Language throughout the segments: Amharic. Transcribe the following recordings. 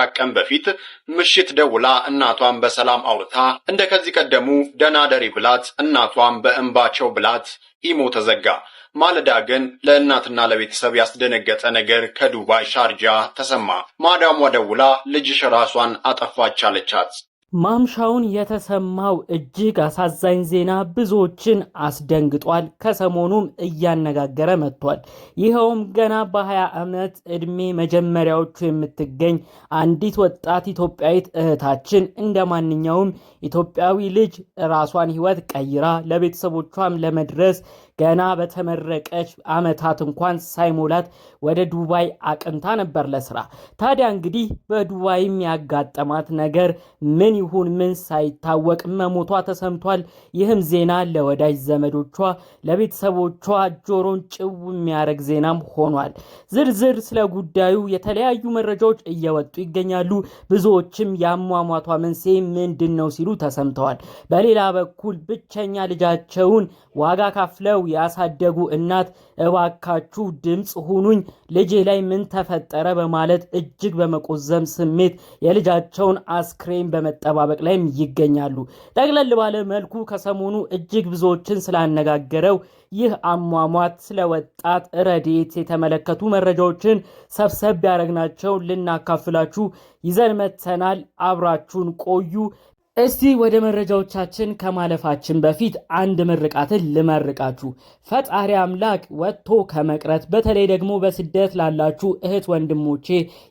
ከአራት ቀን በፊት ምሽት ደውላ እናቷን በሰላም አውርታ እንደ ከዚህ ቀደሙ ደናደሪ ብላት እናቷን በእንባቸው ብላት ኢሞ ተዘጋ። ማለዳ ግን ለእናትና ለቤተሰብ ያስደነገጠ ነገር ከዱባይ ሻርጃ ተሰማ። ማዳሟ ደውላ ልጅሽ ራሷን አጠፋች አለቻት። ማምሻውን የተሰማው እጅግ አሳዛኝ ዜና ብዙዎችን አስደንግጧል። ከሰሞኑም እያነጋገረ መጥቷል። ይኸውም ገና በ20 ዓመት ዕድሜ መጀመሪያዎቹ የምትገኝ አንዲት ወጣት ኢትዮጵያዊት እህታችን እንደ ማንኛውም ኢትዮጵያዊ ልጅ ራሷን ሕይወት ቀይራ ለቤተሰቦቿም ለመድረስ ገና በተመረቀች ዓመታት እንኳን ሳይሞላት ወደ ዱባይ አቅንታ ነበር ለስራ። ታዲያ እንግዲህ በዱባይም ያጋጠማት ነገር ምን ይሁን ምን ሳይታወቅ መሞቷ ተሰምቷል። ይህም ዜና ለወዳጅ ዘመዶቿ፣ ለቤተሰቦቿ ጆሮን ጭው የሚያደርግ ዜናም ሆኗል። ዝርዝር ስለ ጉዳዩ የተለያዩ መረጃዎች እየወጡ ይገኛሉ። ብዙዎችም የአሟሟቷ መንስኤ ምንድን ነው ሲሉ ተሰምተዋል። በሌላ በኩል ብቸኛ ልጃቸውን ዋጋ ካፍለው ያሳደጉ እናት እባካችሁ ድምፅ ሁኑኝ፣ ልጄ ላይ ምን ተፈጠረ በማለት እጅግ በመቆዘም ስሜት የልጃቸውን አስክሬን በመጠባበቅ ላይም ይገኛሉ። ጠቅለል ባለ መልኩ ከሰሞኑ እጅግ ብዙዎችን ስላነጋገረው ይህ አሟሟት ስለ ወጣት ረዴት የተመለከቱ መረጃዎችን ሰብሰብ ያደረግናቸው ልናካፍላችሁ ይዘን መጥተናል። አብራችሁን ቆዩ። እስቲ ወደ መረጃዎቻችን ከማለፋችን በፊት አንድ ምርቃትን ልመርቃችሁ። ፈጣሪ አምላክ ወጥቶ ከመቅረት በተለይ ደግሞ በስደት ላላችሁ እህት ወንድሞቼ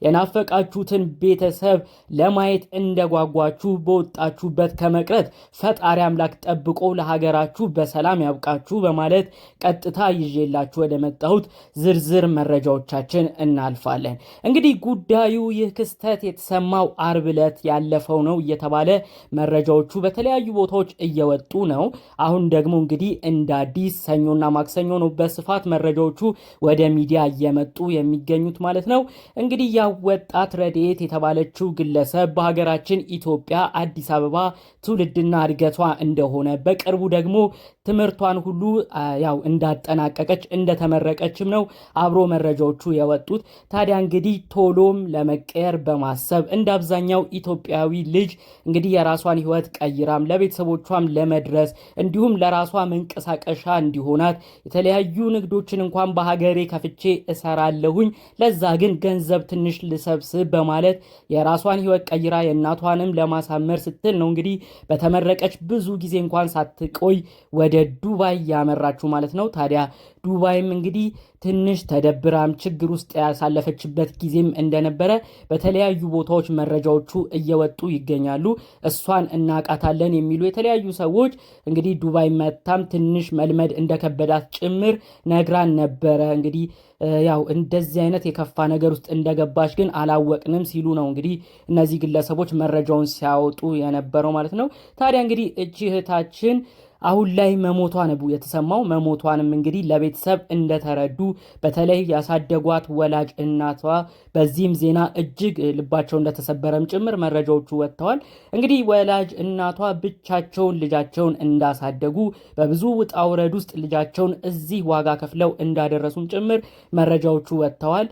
የናፈቃችሁትን ቤተሰብ ለማየት እንደጓጓችሁ በወጣችሁበት ከመቅረት ፈጣሪ አምላክ ጠብቆ ለሀገራችሁ በሰላም ያብቃችሁ በማለት ቀጥታ ይዤላችሁ ወደ መጣሁት ዝርዝር መረጃዎቻችን እናልፋለን። እንግዲህ ጉዳዩ ይህ ክስተት የተሰማው አርብ ዕለት ያለፈው ነው እየተባለ መረጃዎቹ በተለያዩ ቦታዎች እየወጡ ነው። አሁን ደግሞ እንግዲህ እንደ አዲስ ሰኞና ማክሰኞ ነው በስፋት መረጃዎቹ ወደ ሚዲያ እየመጡ የሚገኙት ማለት ነው። እንግዲህ ያ ወጣት ረድኤት የተባለችው ግለሰብ በሀገራችን ኢትዮጵያ አዲስ አበባ ትውልድና እድገቷ እንደሆነ በቅርቡ ደግሞ ትምህርቷን ሁሉ ያው እንዳጠናቀቀች እንደተመረቀችም ነው አብሮ መረጃዎቹ የወጡት። ታዲያ እንግዲህ ቶሎም ለመቀየር በማሰብ እንደ አብዛኛው ኢትዮጵያዊ ልጅ እንግዲህ የራ የራሷን ህይወት ቀይራም ለቤተሰቦቿም ለመድረስ እንዲሁም ለራሷ መንቀሳቀሻ እንዲሆናት የተለያዩ ንግዶችን እንኳን በሀገሬ ከፍቼ እሰራለሁኝ፣ ለዛ ግን ገንዘብ ትንሽ ልሰብስብ በማለት የራሷን ህይወት ቀይራ የእናቷንም ለማሳመር ስትል ነው እንግዲህ በተመረቀች ብዙ ጊዜ እንኳን ሳትቆይ ወደ ዱባይ ያመራችሁ ማለት ነው። ታዲያ ዱባይም እንግዲህ ትንሽ ተደብራም ችግር ውስጥ ያሳለፈችበት ጊዜም እንደነበረ በተለያዩ ቦታዎች መረጃዎቹ እየወጡ ይገኛሉ። እሷን እናቃታለን የሚሉ የተለያዩ ሰዎች እንግዲህ ዱባይ መታም ትንሽ መልመድ እንደከበዳት ጭምር ነግራን ነበረ። እንግዲህ ያው እንደዚህ አይነት የከፋ ነገር ውስጥ እንደገባች ግን አላወቅንም ሲሉ ነው እንግዲህ እነዚህ ግለሰቦች መረጃውን ሲያወጡ የነበረው ማለት ነው። ታዲያ እንግዲህ እቺ እህታችን አሁን ላይ መሞቷ ነው የተሰማው። መሞቷንም እንግዲህ ለቤተሰብ እንደተረዱ በተለይ ያሳደጓት ወላጅ እናቷ በዚህም ዜና እጅግ ልባቸው እንደተሰበረም ጭምር መረጃዎቹ ወጥተዋል። እንግዲህ ወላጅ እናቷ ብቻቸውን ልጃቸውን እንዳሳደጉ በብዙ ውጣ ውረድ ውስጥ ልጃቸውን እዚህ ዋጋ ከፍለው እንዳደረሱም ጭምር መረጃዎቹ ወጥተዋል።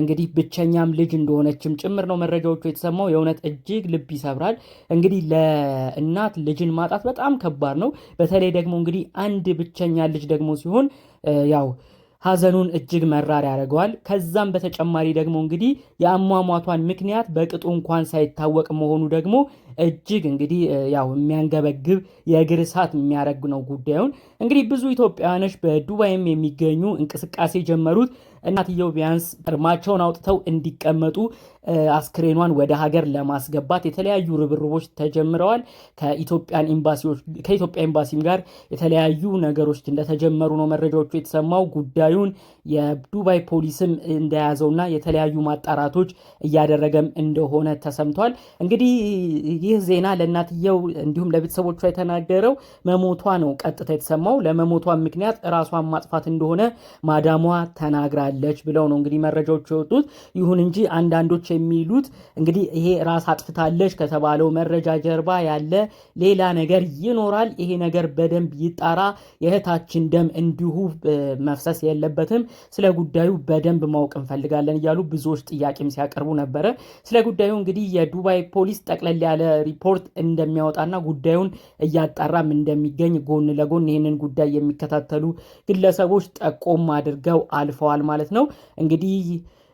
እንግዲህ ብቸኛም ልጅ እንደሆነችም ጭምር ነው መረጃዎቹ የተሰማው። የእውነት እጅግ ልብ ይሰብራል። እንግዲህ ለእናት ልጅን ማጣት በጣም ከባድ ነው። በተለይ ደግሞ እንግዲህ አንድ ብቸኛ ልጅ ደግሞ ሲሆን ያው ሐዘኑን እጅግ መራር ያደርገዋል። ከዛም በተጨማሪ ደግሞ እንግዲህ የአሟሟቷን ምክንያት በቅጡ እንኳን ሳይታወቅ መሆኑ ደግሞ እጅግ እንግዲህ ያው የሚያንገበግብ የእግር እሳት የሚያደርግ ነው ጉዳዩን። እንግዲህ ብዙ ኢትዮጵያውያኖች በዱባይም የሚገኙ እንቅስቃሴ ጀመሩት። እናትየው ቢያንስ እርማቸውን አውጥተው እንዲቀመጡ አስክሬኗን ወደ ሀገር ለማስገባት የተለያዩ ርብርቦች ተጀምረዋል። ከኢትዮጵያ ኤምባሲም ጋር የተለያዩ ነገሮች እንደተጀመሩ ነው መረጃዎቹ የተሰማው። ጉዳዩን የዱባይ ፖሊስም እንደያዘውና የተለያዩ ማጣራቶች እያደረገም እንደሆነ ተሰምቷል። እንግዲህ ይህ ዜና ለእናትየው እንዲሁም ለቤተሰቦቿ የተናገረው መሞቷ ነው ቀጥታ የተሰማው። ለመሞቷ ምክንያት ራሷን ማጥፋት እንደሆነ ማዳሟ ተናግራል። ትችላለች ብለው ነው እንግዲህ መረጃዎች የወጡት። ይሁን እንጂ አንዳንዶች የሚሉት እንግዲህ ይሄ ራስ አጥፍታለች ከተባለው መረጃ ጀርባ ያለ ሌላ ነገር ይኖራል። ይሄ ነገር በደንብ ይጣራ። የእህታችን ደም እንዲሁ መፍሰስ የለበትም። ስለ ጉዳዩ በደንብ ማወቅ እንፈልጋለን እያሉ ብዙዎች ጥያቄም ሲያቀርቡ ነበረ። ስለ ጉዳዩ እንግዲህ የዱባይ ፖሊስ ጠቅለል ያለ ሪፖርት እንደሚያወጣና ጉዳዩን እያጣራም እንደሚገኝ ጎን ለጎን ይህንን ጉዳይ የሚከታተሉ ግለሰቦች ጠቆም አድርገው አልፈዋል ማለት ማለት ነው። እንግዲህ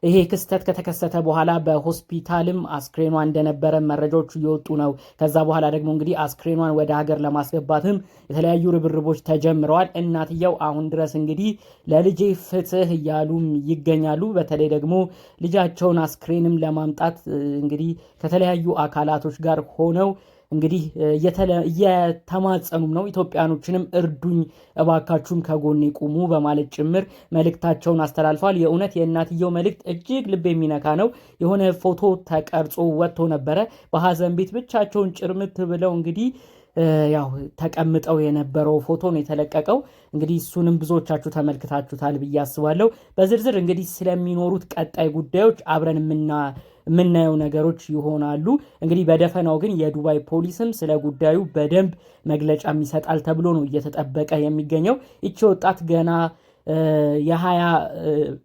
ይሄ ክስተት ከተከሰተ በኋላ በሆስፒታልም አስክሬኗ እንደነበረ መረጃዎቹ እየወጡ ነው። ከዛ በኋላ ደግሞ እንግዲህ አስክሬኗን ወደ ሀገር ለማስገባትም የተለያዩ ርብርቦች ተጀምረዋል። እናትየው አሁን ድረስ እንግዲህ ለልጄ ፍትህ እያሉም ይገኛሉ። በተለይ ደግሞ ልጃቸውን አስክሬንም ለማምጣት እንግዲህ ከተለያዩ አካላቶች ጋር ሆነው እንግዲህ እየተማጸኑም ነው። ኢትዮጵያኖችንም እርዱኝ፣ እባካችሁም ከጎኔ ቁሙ በማለት ጭምር መልእክታቸውን አስተላልፏል። የእውነት የእናትየው መልእክት እጅግ ልብ የሚነካ ነው። የሆነ ፎቶ ተቀርጾ ወጥቶ ነበረ። በሀዘን ቤት ብቻቸውን ጭርምት ብለው እንግዲህ ያው ተቀምጠው የነበረው ፎቶ ነው የተለቀቀው። እንግዲህ እሱንም ብዙዎቻችሁ ተመልክታችሁታል ብዬ አስባለሁ። በዝርዝር እንግዲህ ስለሚኖሩት ቀጣይ ጉዳዮች አብረን የምናየው ነገሮች ይሆናሉ። እንግዲህ በደፈናው ግን የዱባይ ፖሊስም ስለ ጉዳዩ በደንብ መግለጫም ይሰጣል ተብሎ ነው እየተጠበቀ የሚገኘው። ይቺ ወጣት ገና የሀያ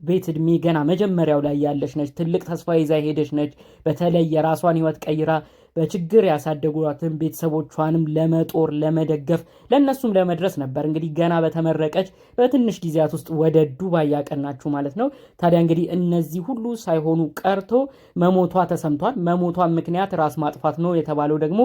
ቤት እድሜ ገና መጀመሪያው ላይ ያለች ነች። ትልቅ ተስፋ ይዛ ሄደች ነች። በተለይ የራሷን ህይወት ቀይራ በችግር ያሳደጓትን ቤተሰቦቿንም ለመጦር ለመደገፍ፣ ለእነሱም ለመድረስ ነበር እንግዲህ ገና በተመረቀች በትንሽ ጊዜያት ውስጥ ወደ ዱባይ ያቀናችሁ ማለት ነው። ታዲያ እንግዲህ እነዚህ ሁሉ ሳይሆኑ ቀርቶ መሞቷ ተሰምቷል። መሞቷ ምክንያት ራስ ማጥፋት ነው የተባለው ደግሞ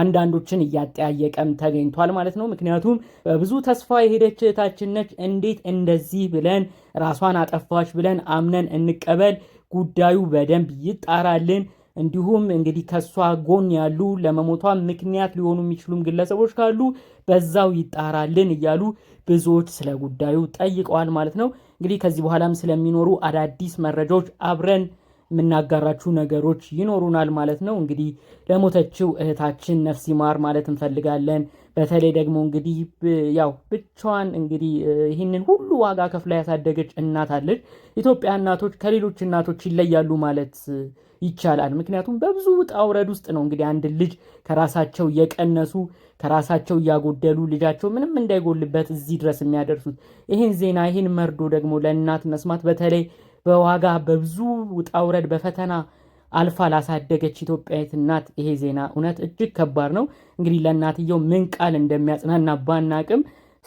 አንዳንዶችን እያጠያየቀም ተገኝቷል ማለት ነው። ምክንያቱም በብዙ ተስፋ የሄደች እህታችን ነች። እንዴት እንደዚህ ብለን ራሷን አጠፋች ብለን አምነን እንቀበል? ጉዳዩ በደንብ ይጣራልን። እንዲሁም እንግዲህ ከሷ ጎን ያሉ ለመሞቷ ምክንያት ሊሆኑ የሚችሉም ግለሰቦች ካሉ በዛው ይጣራልን እያሉ ብዙዎች ስለ ጉዳዩ ጠይቀዋል ማለት ነው። እንግዲህ ከዚህ በኋላም ስለሚኖሩ አዳዲስ መረጃዎች አብረን የምናጋራችሁ ነገሮች ይኖሩናል ማለት ነው። እንግዲህ ለሞተችው እህታችን ነፍስ ይማር ማለት እንፈልጋለን። በተለይ ደግሞ እንግዲህ ያው ብቻዋን እንግዲህ ይህንን ሁሉ ዋጋ ከፍላ ያሳደገች እናት አለች። ኢትዮጵያ እናቶች ከሌሎች እናቶች ይለያሉ ማለት ይቻላል። ምክንያቱም በብዙ ውጣ ውረድ ውስጥ ነው እንግዲህ አንድ ልጅ ከራሳቸው የቀነሱ ከራሳቸው እያጎደሉ ልጃቸው ምንም እንዳይጎልበት እዚህ ድረስ የሚያደርሱት። ይህን ዜና ይህን መርዶ ደግሞ ለእናት መስማት በተለይ በዋጋ በብዙ ውጣውረድ በፈተና አልፋ ላሳደገች ኢትዮጵያዊት እናት ይሄ ዜና እውነት እጅግ ከባድ ነው። እንግዲህ ለእናትየው ምን ቃል እንደሚያጽናና ባናቅም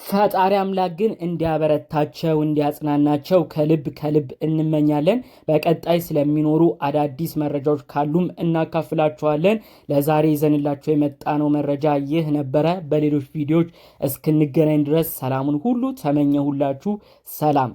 ፈጣሪ አምላክ ግን እንዲያበረታቸው እንዲያጽናናቸው ከልብ ከልብ እንመኛለን። በቀጣይ ስለሚኖሩ አዳዲስ መረጃዎች ካሉም እናካፍላችኋለን። ለዛሬ ይዘንላቸው የመጣነው መረጃ ይህ ነበረ። በሌሎች ቪዲዮዎች እስክንገናኝ ድረስ ሰላሙን ሁሉ ተመኘሁላችሁ። ሰላም